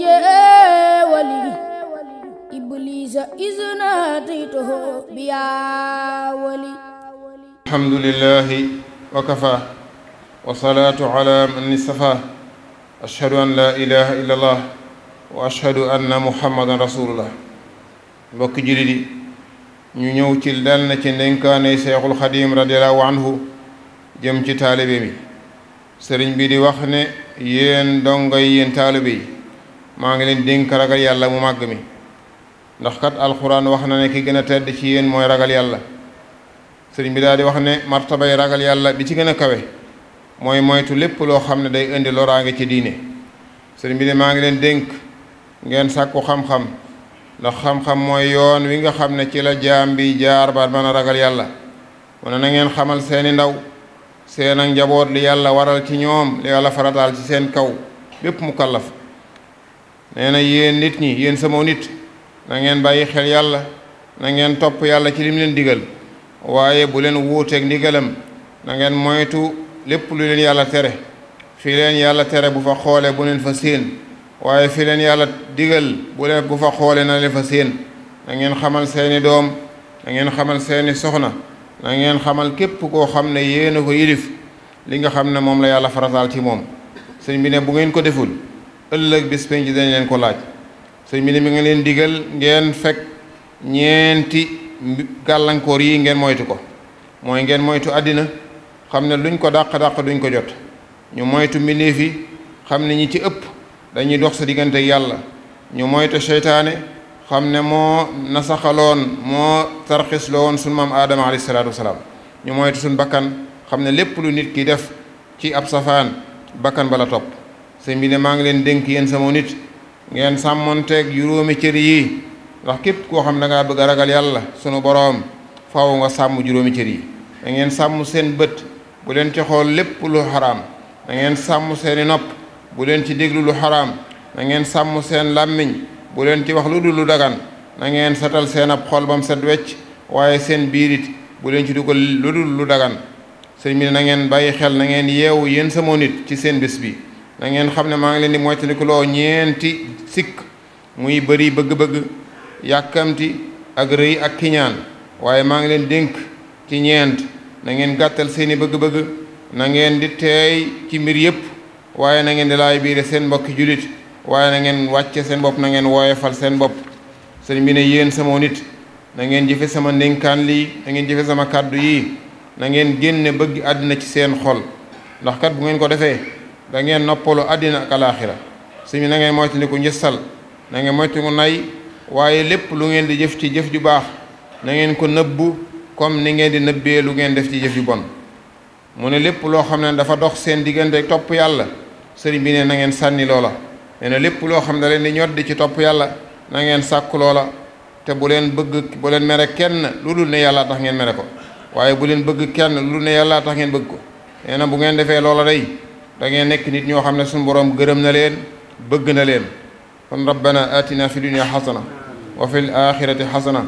jeewali iblisa isnataytahu biya wali alhamdulillahi wa kafa wa salaatu ala man istafa ashhadu an la ilaha illa allah wa ashhadu anna muhammadan rasulullah mbokk jullit yi ñu ñëw ci dal na ci ndénkaaney Seexul Xadiim radiyallahu anhu jëm ci taalibe mi sëriñ bi di wax ne yéen dongoy yéen taalibe yi maa ngi leen dénk ragal yàlla mu màgg mi ndax kat alxuraan wax na ne ki gën a tedd ci yéen mooy ragal yàlla sëriñ bi daal di wax ne martabay ragal yàlla bi ci gën a kawe mooy moytu lépp loo xam ne day indi loraange ci diine sëriñ bi ne maa ngi leen dénk ngeen sàkku xam-xam ndax xam-xam mooy yoon wi nga xam ne ci la jaam bi jaar ba mën a ragal yàlla mu ne na ngeen xamal seeni ndaw seen ak njaboot li yàlla waral ci ñoom li yàlla farataal ci seen kaw bépp mu kallaf nee na yéen nit ñi yéen sama nit na bàyyi xel yàlla na ngeen topp yàlla ci lim leen digal waaye bu leen wuuteeg ndigalam na ngeen moytu lépp lu leen yàlla tere fii leen yàlla tere bu fa xoole bu leen fa séen waaye fi leen yàlla digal bu leen bu fa xoole na leen fa séen na xamal seeni doom na xamal seeni soxna na ngeen xamal képp koo xam ne yéen a ko yilif li nga xam ne moom la yàlla farataal ci moom seen bi ne bu ngeen ko deful ëllëg bis penc dañ leen ko laaj sëñ bi mi nga leen digal ngeen fekk ñeenti gàllankoor yi ngeen moytu ko mooy ngeen moytu àddina xam ne luñ ko dàq-dàq duñ ko jot ñu moytu mbindeef yi xam ne ñi ci ëpp dañuy dox sa diggante yàlla ñu moytu seytaane xam ne moo nasaxaloon moo woon sunu maam aadama alayhi salaatu wasalaam ñu moytu suñ bakkan xam ne lépp lu nit ki def ci ab safaan bakkan bala topp sëñ bi ne maa ngi leen dénk yéen sama nit ngeen sàmmoon sàmmonteeg juróomi cër yi ndax képp koo xam da ngaa bëgg a ragal yàlla sunu boroom faaw nga sàmm juróomi cër yi da ngeen sàmm seen bët bu leen ci xool lépp lu xaraam da ngeen sàmm seeni nopp bu leen ci déglu lu xaraam na ngeen sàmm seen làmmiñ bu leen ci wax lu dul lu dagan na ngeen setal seen ab xol bam set wecc waaye seen biirit bu leen ci dugal lu dul lu dagan sëñ bi ne na ngeen bàyyi xel na ngeen yeewu yéen sama nit ci seen bés bi da ngeen xam ne maa ngi leen di moytandikuloo ñeenti sikk muy bëri bëgg-bëgg yàkkamti ak rëy ak kiñaan waaye maa ngi leen dénk ci ñeent na ngeen gàttal seeni bëgg-bëgg na ngeen di teey ci mbir yépp waaye na ngeen di laay biire seen mbokki julit waaye na ngeen wàcce seen bopp nangeen ngeen woyefal seen bopp sëriñ bi ne yéen sama nit na ngeen jëfe sama ndénkaan lii na ngeen jëfe sama kàddu yi na ngeen génne bëgg àddina ci seen xol ndax kat bu ngeen ko defee da ngeen noppalu àddina ak alaaxira si mi na ngeen moytandiku njëstal na ngeen moytandiku nay waaye lépp lu ngeen di jëf ci jëf ju baax na ngeen ko nëbbu comme ni ngeen di nëbbee lu ngeen def ci jëf ju bon mu ne lépp loo xam ne dafa dox seen diggante topp yàlla sëriñ bi ne na ngeen sànni loola ne na lépp loo xam ne da leen di ñoddi ci topp yàlla na ngeen sàkku loola te bu leen bëgg bu leen mere kenn lu dul ne yàlla tax ngeen mere ko waaye bu leen bëgg kenn lu dul ne yàlla tax ngeen bëgg ko nee bu ngeen loola day da ngeen nekk nit ñoo xam ne suñu boroom gërëm na leen bëgg na leen kon rabbana atina fi dunya xasana wa fi l axirati xasana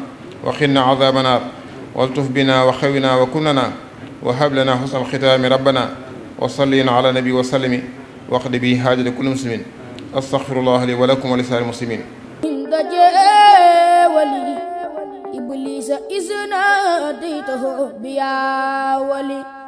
wa xinna azaba naar waltuf bina wa xawina wa kunnana wa hablana xusna alxitaami rabbana wa sallin ala nabi wa sallimi waqdi bi haajati kulli muslimin astaxfirullah li wa lakum wa lisaari muslimin إبليس إذ ناديته بيا ولي